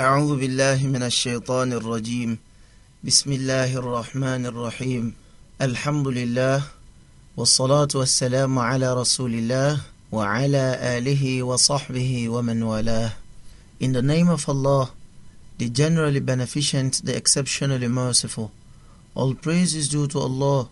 أعوذ بالله من الشيطان الرجيم بسم الله الرحمن الرحيم الحمد لله والصلاة والسلام على رسول الله وعلى آله وصحبه ومن والاه In the name of Allah, the generally beneficent, the exceptionally merciful. All praise is due to Allah,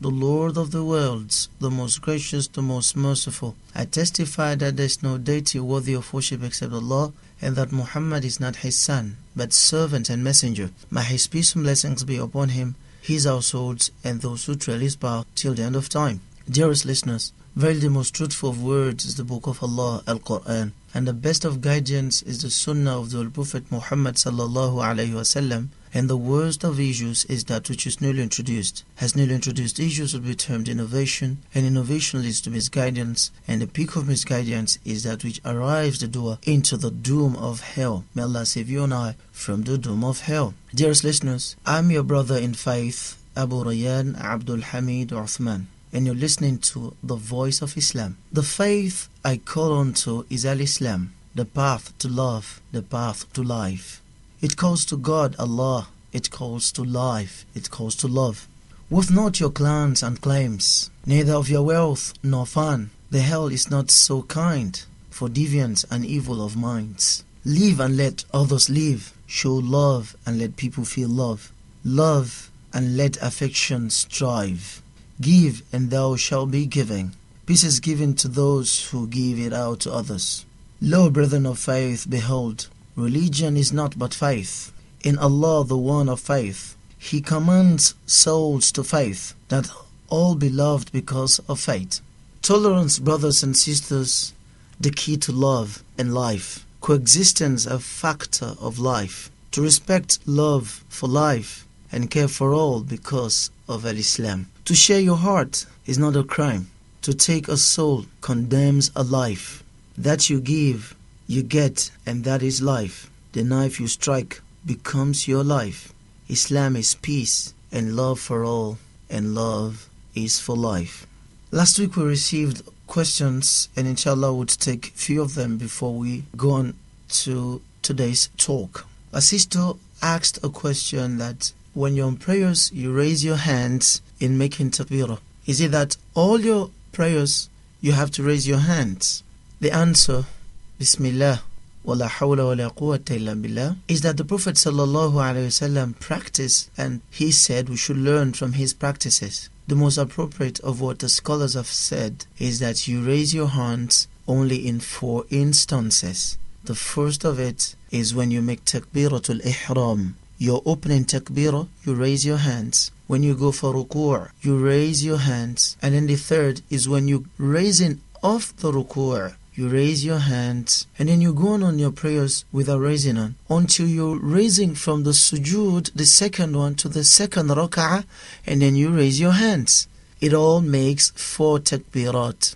the Lord of the worlds, the most gracious, the most merciful. I testify that there is no deity worthy of worship except Allah and that Muhammad is not his son, but servant and messenger. May his peace and blessings be upon him, his household, and those who trail his path till the end of time. Dearest listeners, Verily, the most truthful of words is the Book of Allah, Al Quran, and the best of guidance is the Sunnah of the Prophet Muhammad sallallahu alaihi wasallam. And the worst of issues is that which is newly introduced. As newly introduced issues would be termed innovation, and innovation leads to misguidance, and the peak of misguidance is that which arrives the door into the doom of hell. May Allah save you and I from the doom of hell. Dearest listeners, I'm your brother in faith, Abu Rayyan Abdul Hamid Uthman and you're listening to the voice of Islam. The faith I call unto is Al Islam, the path to love, the path to life. It calls to God, Allah, it calls to life, it calls to love. With not your clans and claims, neither of your wealth nor fun, the hell is not so kind for deviants and evil of minds. Live and let others live. Show love and let people feel love. Love and let affection strive. Give, and thou shalt be giving. Peace is given to those who give it out to others. Lo, brethren of faith, behold, religion is not but faith. In Allah, the One of faith, He commands souls to faith, that all be loved because of faith. Tolerance, brothers and sisters, the key to love and life. Coexistence, a factor of life. To respect love for life and care for all because of Al Islam. To share your heart is not a crime. To take a soul condemns a life. That you give, you get, and that is life. The knife you strike becomes your life. Islam is peace and love for all, and love is for life. Last week we received questions, and inshallah, we'll take few of them before we go on to today's talk. A sister asked a question that when you're on prayers, you raise your hands in making takbirah? Is it that all your prayers you have to raise your hands? The answer, Bismillah, wala hawla wala quwwata illa billah, is that the Prophet Sallallahu Alaihi Wasallam practiced and he said we should learn from his practices. The most appropriate of what the scholars have said is that you raise your hands only in four instances. The first of it is when you make takbiratul ihram. You're opening takbirah, you raise your hands when you go for ruku', you raise your hands. And then the third is when you raising off the ruku', you raise your hands and then you go on, on your prayers without raising on until you're raising from the sujud, the second one to the second rak'ah and then you raise your hands it all makes four takbirat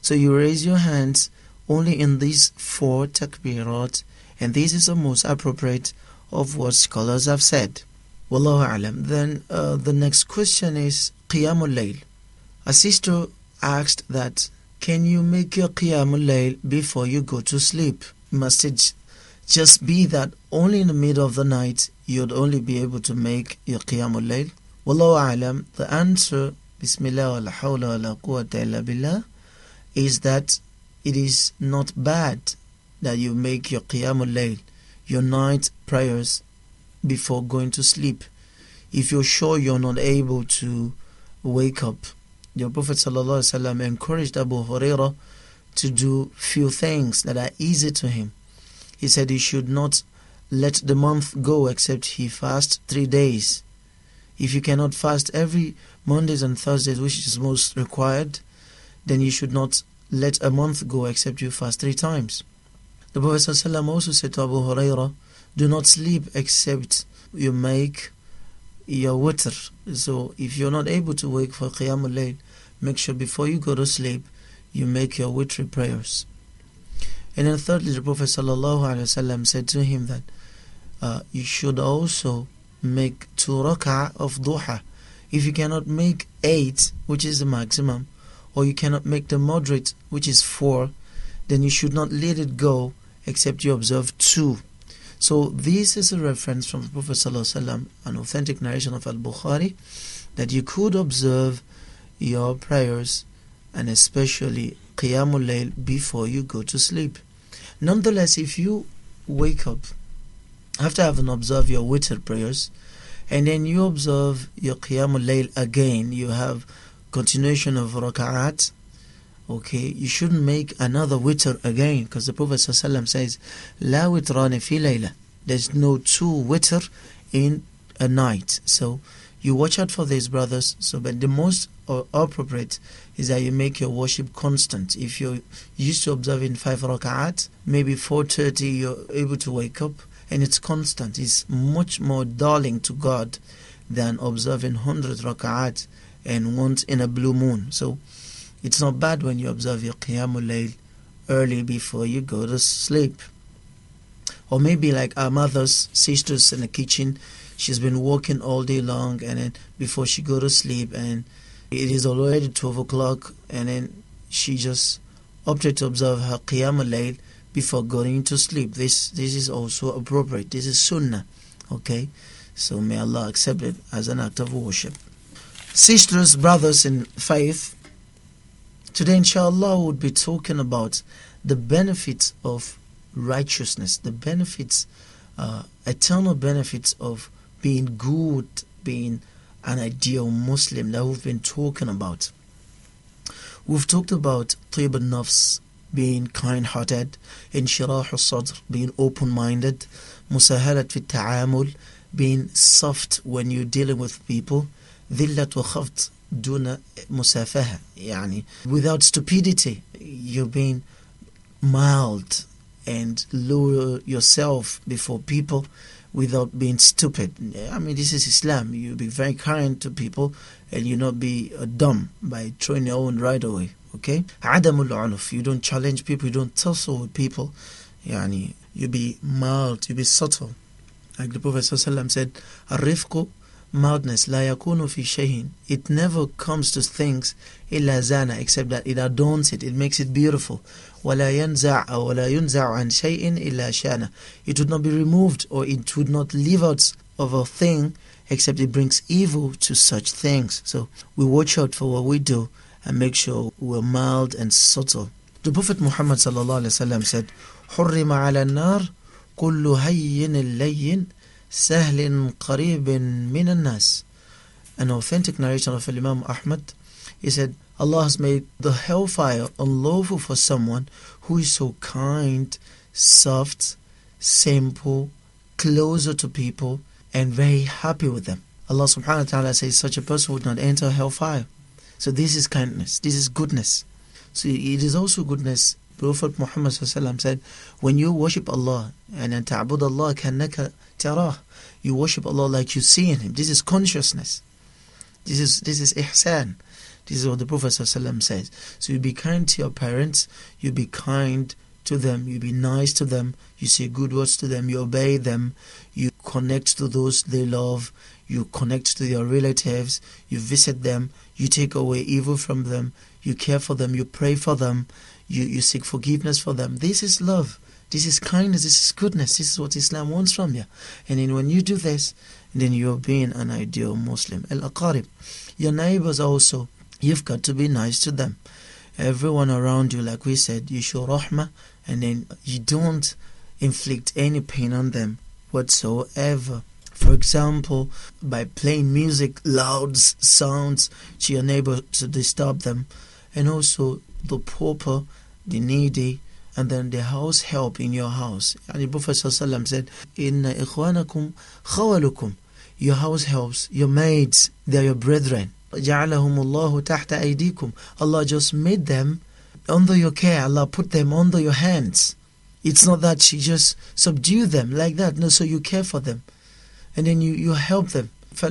so you raise your hands only in these four takbirat and this is the most appropriate of what scholars have said Wallahu alam. Then uh, the next question is Qiyamul Layl. A sister asked that, can you make your Qiyamul Layl before you go to sleep? Must it just be that only in the middle of the night you'd only be able to make your Qiyamul Layl? Wallahu alam. The answer, Bismillah wa la illa billah, is that it is not bad that you make your Qiyamul Layl, your night prayers before going to sleep if you're sure you're not able to wake up. The Prophet ﷺ encouraged Abu Huraira to do few things that are easy to him. He said he should not let the month go except he fast three days. If you cannot fast every Mondays and Thursdays, which is most required, then you should not let a month go except you fast three times. The Prophet ﷺ also said to Abu Hurairah, do not sleep except you make your witr. So if you're not able to wake for Qiyamul Layl, make sure before you go to sleep, you make your witr prayers. And then thirdly, the Prophet wasallam said to him that uh, you should also make two rak'ah of duha. If you cannot make eight, which is the maximum, or you cannot make the moderate, which is four, then you should not let it go except you observe two so this is a reference from the Prophet ﷺ, an authentic narration of Al-Bukhari, that you could observe your prayers and especially Qiyamul Layl before you go to sleep. Nonetheless, if you wake up after having observed your witr prayers and then you observe your Qiyamul Layl again, you have continuation of rak'at okay you shouldn't make another witr again because the prophet ﷺ says la witrani fi layla there's no two witr in a night so you watch out for these brothers so but the most appropriate is that you make your worship constant if you're used to observing five rak'at maybe 4.30 you're able to wake up and it's constant it's much more darling to god than observing 100 rak'at and once in a blue moon so it's not bad when you observe your Qiyamul Layl early before you go to sleep. Or maybe like our mothers, sisters in the kitchen, she's been working all day long and then before she go to sleep and it is already 12 o'clock and then she just opted to observe her Qiyamul Layl before going to sleep. This, this is also appropriate. This is Sunnah. Okay? So may Allah accept it as an act of worship. Sisters, brothers in faith, Today, inshallah, we'll be talking about the benefits of righteousness, the benefits, uh, eternal benefits of being good, being an ideal Muslim that we've been talking about. We've talked about tib nafs being kind-hearted, inshirah sadr being open-minded, musahalat fit ta'amul being soft when you're dealing with people, dhillat wa khaft دون مسافهة يعني without stupidity you're being mild and lower yourself before people without being stupid. I mean, this is Islam. You be very kind to people and you not be uh, dumb by throwing your own right away. Okay? عدم العنف. You don't challenge people, you don't tussle with people. يعني, you be mild, you be subtle. Like the Prophet ﷺ said, الرفق mildness la yakunu fi shayin it never comes to things illa zana except that it adorns it it makes it beautiful ينزع أو wala ينزع عن shay'in إلا shana it would not be removed or it would not leave out of a thing except it brings evil to such things so we watch out for what we do and make sure we're mild and subtle the prophet muhammad الله عليه وسلم said hurrima على النار كل هين hayyin سهل قريب من الناس An authentic narration of Imam Ahmad He said Allah has made the hellfire unlawful for someone who is so kind, soft, simple, closer to people and very happy with them. Allah subhanahu wa ta'ala says such a person would not enter hellfire. So this is kindness, this is goodness. So it is also goodness Prophet Muhammad said, When you worship Allah, and ta'bud Allah kannaka tarah, you worship Allah like you see in Him. This is consciousness. This is this is ihsan. This is what the Prophet says. So you be kind to your parents, you be kind to them, you be nice to them, you say good words to them, you obey them, you connect to those they love, you connect to your relatives, you visit them, you take away evil from them, you care for them, you pray for them, you, you seek forgiveness for them. This is love. This is kindness. This is goodness. This is what Islam wants from you. And then when you do this, then you're being an ideal Muslim. Al Aqarib. Your neighbors also, you've got to be nice to them. Everyone around you, like we said, you show rahmah and then you don't inflict any pain on them whatsoever. For example, by playing music, loud sounds to your neighbor to disturb them, and also the pauper the needy, and then the house help in your house. And the Prophet ﷺ said, Inna ikhwanakum khawalukum. Your house helps, your maids, they are your brethren. Allah just made them under your care. Allah put them under your hands. It's not that she just subdue them like that. No, so you care for them. And then you, you help them. Do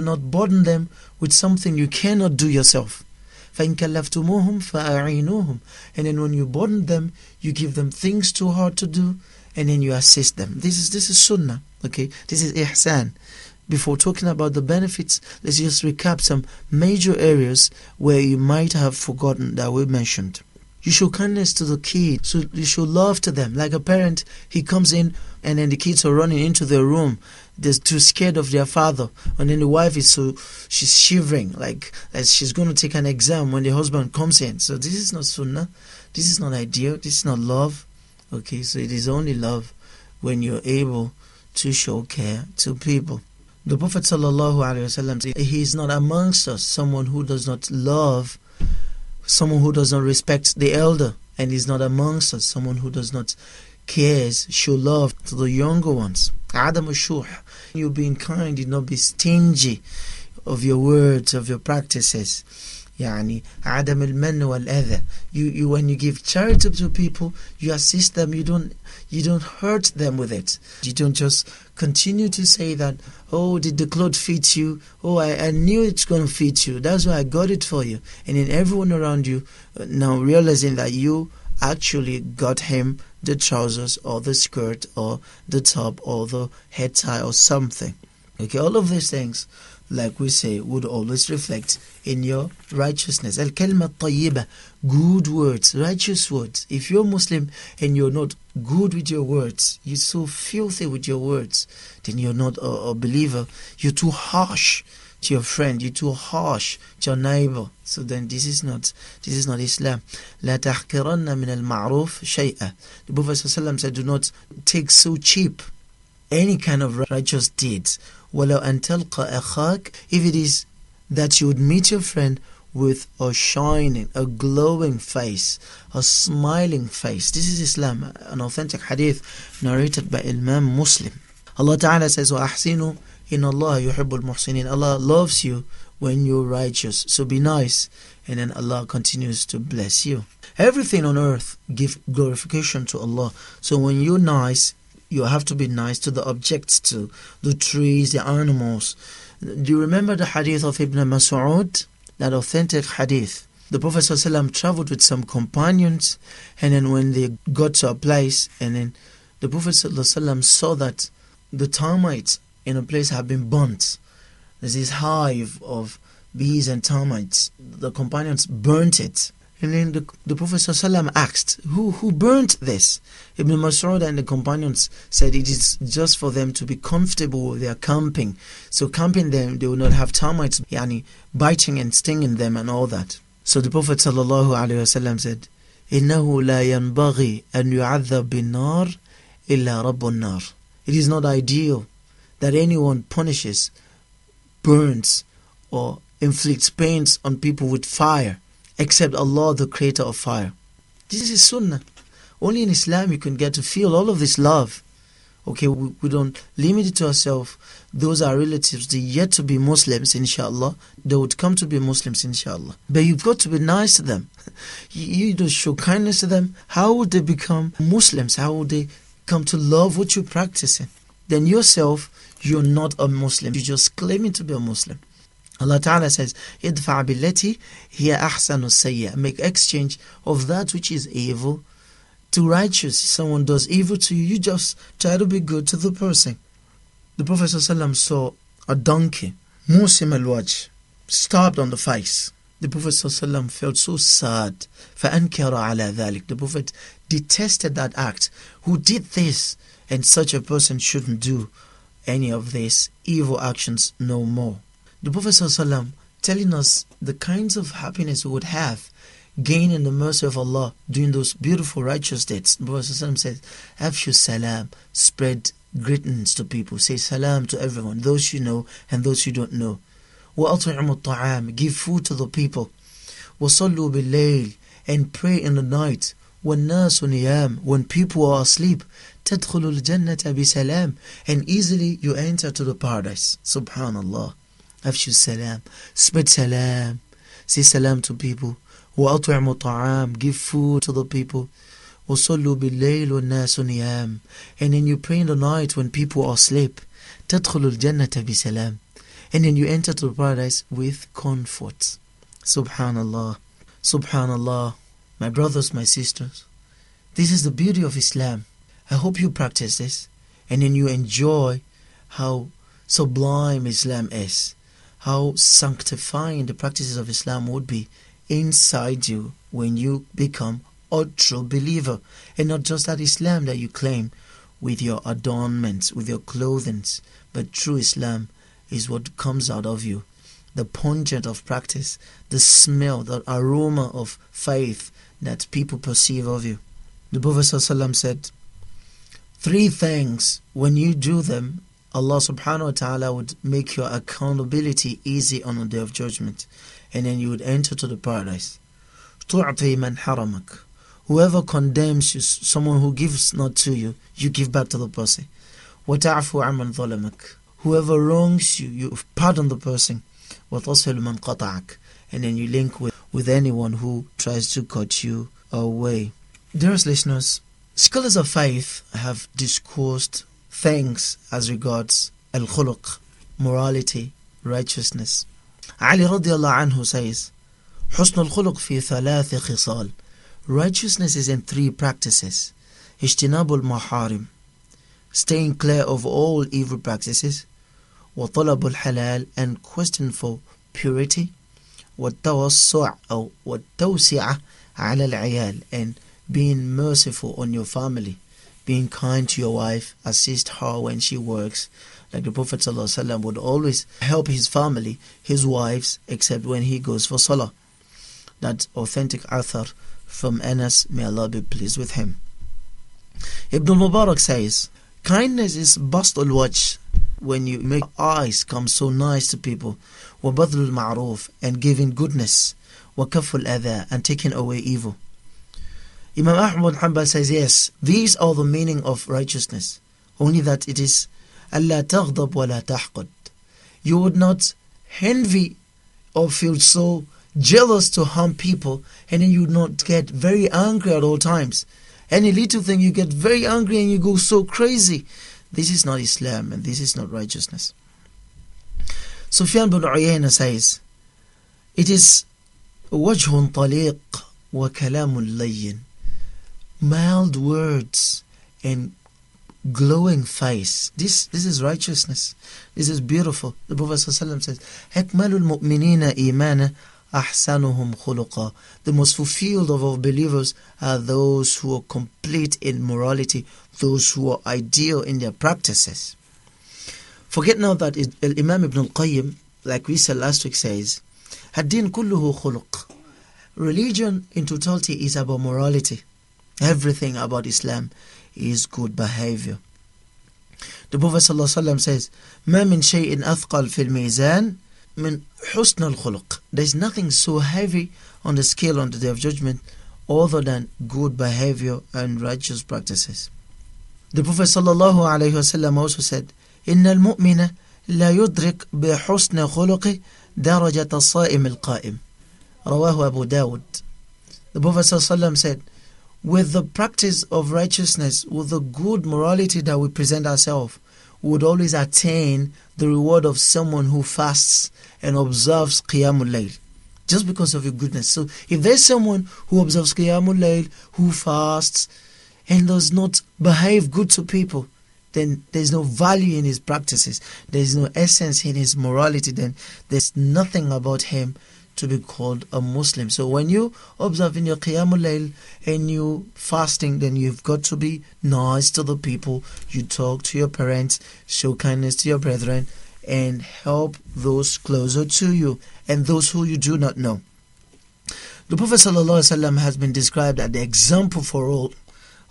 not burden them with something you cannot do yourself. فَإِن كَلَّفْتُمُوهُمْ فَأَعِينُوهُم And then when you burden them, you give them things too hard to do, and then you assist them. This is this is sunnah, okay? This is ihsan. Before talking about the benefits, let's just recap some major areas where you might have forgotten that we mentioned. You show kindness to the kid. So you show love to them. Like a parent, he comes in and then the kids are running into their room they're too scared of their father and then the wife is so she's shivering like as she's going to take an exam when the husband comes in so this is not sunnah this is not ideal this is not love okay so it is only love when you're able to show care to people the prophet sallallahu alaihi wasallam he is not amongst us someone who does not love someone who does not respect the elder and is not amongst us someone who does not cares show love to the younger ones Adam Ushuh. You being kind, you not be stingy of your words, of your practices. Yani Adam al-man wal-adha. You you when you give charity to people, you assist them, you don't you don't hurt them with it. You don't just continue to say that, oh, did the cloth fit you? Oh, I, I knew it's going to fit you. That's why I got it for you. And then everyone around you uh, now realizing that you actually got him the trousers or the skirt or the top or the head tie or something. Okay, all of these things, like we say, would always reflect in your righteousness. Al kalma tayyiba, good words, righteous words. If you're Muslim and you're not good with your words, you're so filthy with your words, then you're not a, a believer, you're too harsh to your friend. You're too harsh to your neighbor. So then this is not this is not Islam. لا تحقرن من المعروف شيئا. The Prophet ﷺ said, do not take so cheap any kind of righteous deeds. ولو أن تلقى أخاك. If it is that you would meet your friend with a shining, a glowing face, a smiling face. This is Islam, an authentic hadith narrated by Imam Muslim. Allah Ta'ala says, in Allah yuhibbul muhsinin. Allah loves you when you're righteous. So be nice. And then Allah continues to bless you. Everything on earth give glorification to Allah. So when you're nice, you have to be nice to the objects too, the trees, the animals. Do you remember the hadith of Ibn Mas'ud? That authentic hadith. The Prophet ﷺ traveled with some companions, and then when they got to a place, and then the Prophet ﷺ saw that the termites in a place have been burnt. There's this hive of bees and termites. The companions burnt it. And then the, the Prophet ﷺ asked, who, who burnt this? Ibn Masrud and the companions said it is just for them to be comfortable they are camping. So camping them, they will not have termites yani, biting and stinging them and all that. So the Prophet ﷺ said, إِنَّهُ لَا يَنْبَغِي أَنْ يُعَذَّبْ بِالنَّارِ It is not ideal that anyone punishes, burns, or inflicts pains on people with fire except Allah, the creator of fire. This is Sunnah. Only in Islam you can get to feel all of this love. Okay, we, we don't limit it to ourselves. Those are relatives, the yet to be Muslims, inshallah. They would come to be Muslims, inshallah. But you've got to be nice to them. you, just show kindness to them. How would they become Muslims? How would they come to love what you're practicing? then yourself, you're not a Muslim. You're just claiming to be a Muslim. Allah Ta'ala says, Idfa billati hiya ahsanu sayya. Make exchange of that which is evil to righteous. Someone does evil to you, you just try to be good to the person. The Prophet saw a donkey, Musim al-Wajj, on the face. The Prophet felt so sad. فَأَنْكَرَ عَلَى ذَلِكَ The Prophet detested that act. Who did this? and such a person shouldn't do any of these evil actions no more. The Prophet ﷺ telling us the kinds of happiness we would have gained in the mercy of Allah doing those beautiful righteous deeds. The Prophet ﷺ says, Afshu salam, spread greetings to people, say salam to everyone, those you know and those you don't know. وَأَطْعِمُ الطَّعَامِ Give food to the people. وَصَلُّوا بِاللَّيْلِ And pray in the night. وَالنَّاسُ نِيَامٌ When people are asleep, تَدْخُلُ الْجَنَّةَ بِسَلَامٍ And easily you enter to the paradise. Subhanallah. Afshu السلام. Spread salam. Say salam to people. وَأَطْعِمُ طَعَامٍ Give food to the people. وَصَلُّوا بِاللَّيْلِ وَالنَّاسُ نِيَامٌ And then you pray in the night when people are asleep. تَدْخُلُ الْجَنَّةَ بِسَلَامٍ And then you enter to the paradise with comfort. Subhanallah. Subhanallah my brothers, my sisters. This is the beauty of Islam. I hope you practice this and then you enjoy how sublime Islam is, how sanctifying the practices of Islam would be inside you when you become a true believer. And not just that Islam that you claim with your adornments, with your clothings, but true Islam is what comes out of you. The pungent of practice, the smell, the aroma of faith, that people perceive of you. The Prophet ﷺ said, Three things, when you do them, Allah subhanahu wa ta'ala would make your accountability easy on the day of judgment, and then you would enter to the paradise. تُعْطِي مَنْ حَرَمَكَ Whoever condemns you, someone who gives not to you, you give back to the person. وتعفو عَمَنْ ظَلَمَكَ Whoever wrongs you, you pardon the person. وَتَصْفِلُ مَنْ قَطَعَكَ And then you link with with anyone who tries to cut you away. Dearest listeners, scholars of faith have discoursed things as regards al khuluq, morality, righteousness. Ali radiallahu anhu says, حسن الخلق في ثلاث خصال Righteousness is in three practices اجتناب المحارم Staying clear of all evil practices وطلب الحلال and question for purity على العيال and being merciful on your family being kind to your wife assist her when she works like the Prophet wasallam would always help his family his wives except when he goes for salah that authentic author from Anas may Allah be pleased with him Ibn Mubarak says kindness is bust watch when you make eyes come so nice to people وَبَذْلُ الْمَعْرُوفِ and giving goodness وَكَفُّ الْأَذَى and taking away evil. Imam Ahmad Hanbal says, yes, these are the meaning of righteousness. Only that it is أَلَّا تَغْضَبْ وَلَا تَحْقُدْ You would not envy or feel so jealous to harm people and then you would not get very angry at all times. Any little thing you get very angry and you go so crazy. This is not Islam and this is not righteousness. Sufyan bin Uyayna says, It is وجه طليق وكلام لين Mild words and glowing face. This, this is righteousness. This is beautiful. The Prophet ﷺ says, أكمل المؤمنين إيمانا أحسنهم خلقا. The most fulfilled of all believers are those who are complete in morality, those who are ideal in their practices. Forget now that Imam Ibn al-Qayyim, like we said last week, says, Haddin kulluhu khuluq. Religion in totality is about morality. Everything about Islam is good behavior. The Prophet ﷺ says, min Shay'in athqal fil-mizan min husn al-khulq." الْخُلُقِ There is nothing so heavy on the scale on the day of judgment other than good behavior and righteous practices. The Prophet ﷺ also said, إن المؤمن لا يدرك بحسن خلقه درجة الصائم القائم رواه أبو Dawud The Prophet ﷺ said, with the practice of righteousness, with the good morality that we present ourselves, we would always attain the reward of someone who fasts and observes Qiyamul Layl. Just because of your goodness. So if there's someone who observes Qiyamul Layl, who fasts, and does not behave good to people, then there's no value in his practices, there's no essence in his morality, then there's nothing about him to be called a Muslim. So when you observe in your Qiyamul Layl and you fasting, then you've got to be nice to the people, you talk to your parents, show kindness to your brethren, and help those closer to you and those who you do not know. The Prophet has been described as the example for all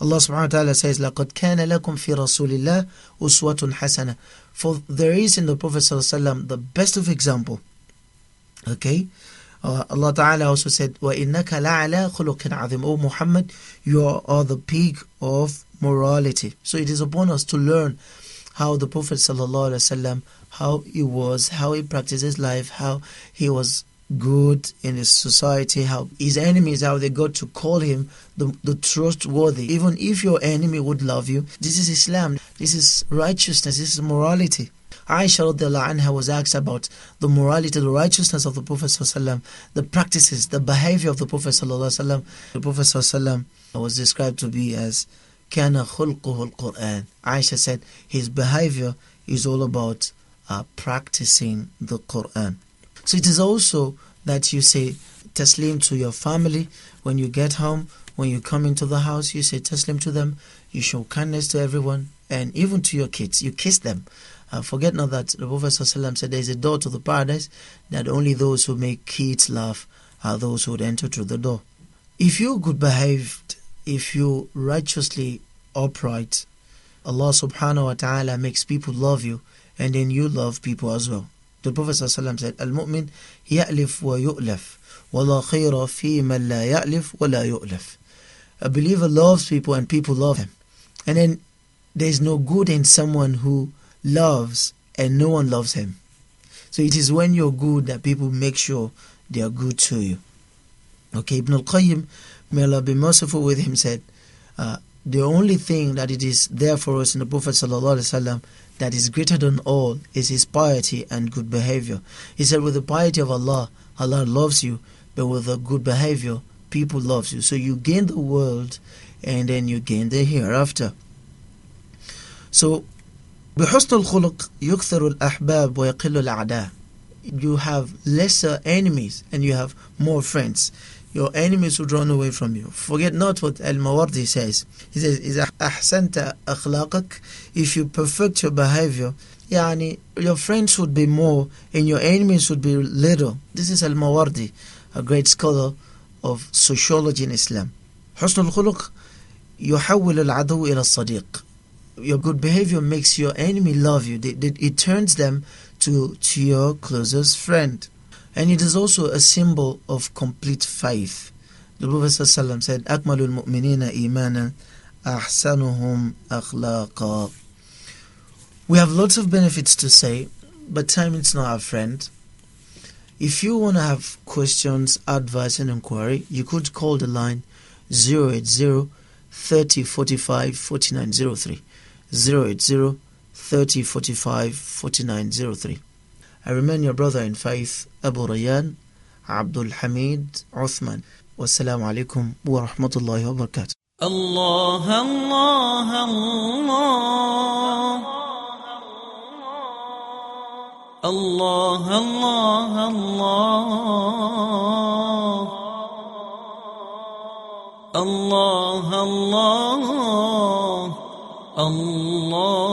Allah subhanahu wa ta'ala says, لَقَدْ كَانَ لَكُمْ فِي رَسُولِ اللَّهِ أُسْوَةٌ حَسَنَةٌ For there is in the Prophet sallallahu the best of example. Okay? Uh, Allah Ta'ala also said, وَإِنَّكَ لَعَلَى خُلُقٍ عَظِيمٍ O Muhammad, you are, the peak of morality. So it is upon us to learn how the Prophet sallallahu how he was, how he practiced his life, how he was good in his society, how his enemies, how they got to call him the, the trustworthy. Even if your enemy would love you, this is Islam, this is righteousness, this is morality. Aisha anha was asked about the morality, the righteousness of the Prophet the practices, the behavior of the Prophet sallam. The Prophet was described to be as kana Quran. Aisha said his behavior is all about uh, practicing the Quran. So it is also that you say taslim to your family when you get home, when you come into the house, you say taslim to them, you show kindness to everyone, and even to your kids, you kiss them. Uh, forget not that the Prophet ﷺ said there is a door to the paradise that only those who make kids laugh are those who would enter through the door. If you good behaved, if you righteously upright, Allah subhanahu wa ta'ala makes people love you and then you love people as well. The Prophet ﷺ said, Al-mu'min ya'lif wa yu'laf, wa la khayra fi man la ya'lif wa la yu'laf. A believer loves people and people love him. And then there's no good in someone who loves and no one loves him. So it is when you're good that people make sure they are good to you. Okay, Ibn al-Qayyim, may Allah be merciful with him, said, uh, the only thing that it is there for us in the Prophet ﷺ that is greater than all is his piety and good behavior. He said, With the piety of Allah, Allah loves you, but with the good behavior, people loves you. So you gain the world and then you gain the hereafter. So بحسن الخلق يكثر الأحباب ويقل الأعداء You have lesser enemies and you have more friends your enemies will run away from you. Forget not what Al-Mawardi says. He says, If you perfect your behavior, yani, your friends would be more and your enemies would be little. This is Al-Mawardi, a great scholar of sociology in Islam. حسن الخلق يحول العدو إلى الصديق. Your good behavior makes your enemy love you. It turns them to, to your closest friend. And it is also a symbol of complete faith. The Prophet ﷺ said, أَكْمَلُ الْمُؤْمِنِينَ imana, ahsanuhum أَخْلَاقًا We have lots of benefits to say, but time is not our friend. If you want to have questions, advice and inquiry, you could call the line 080 30 4903. 080 4903. I remain your brother in faith, Abu Rayyan, Abdul Hamid Uthman. والسلام عليكم ورحمة الله وبركاته الله الله الله الله الله الله الله الله الله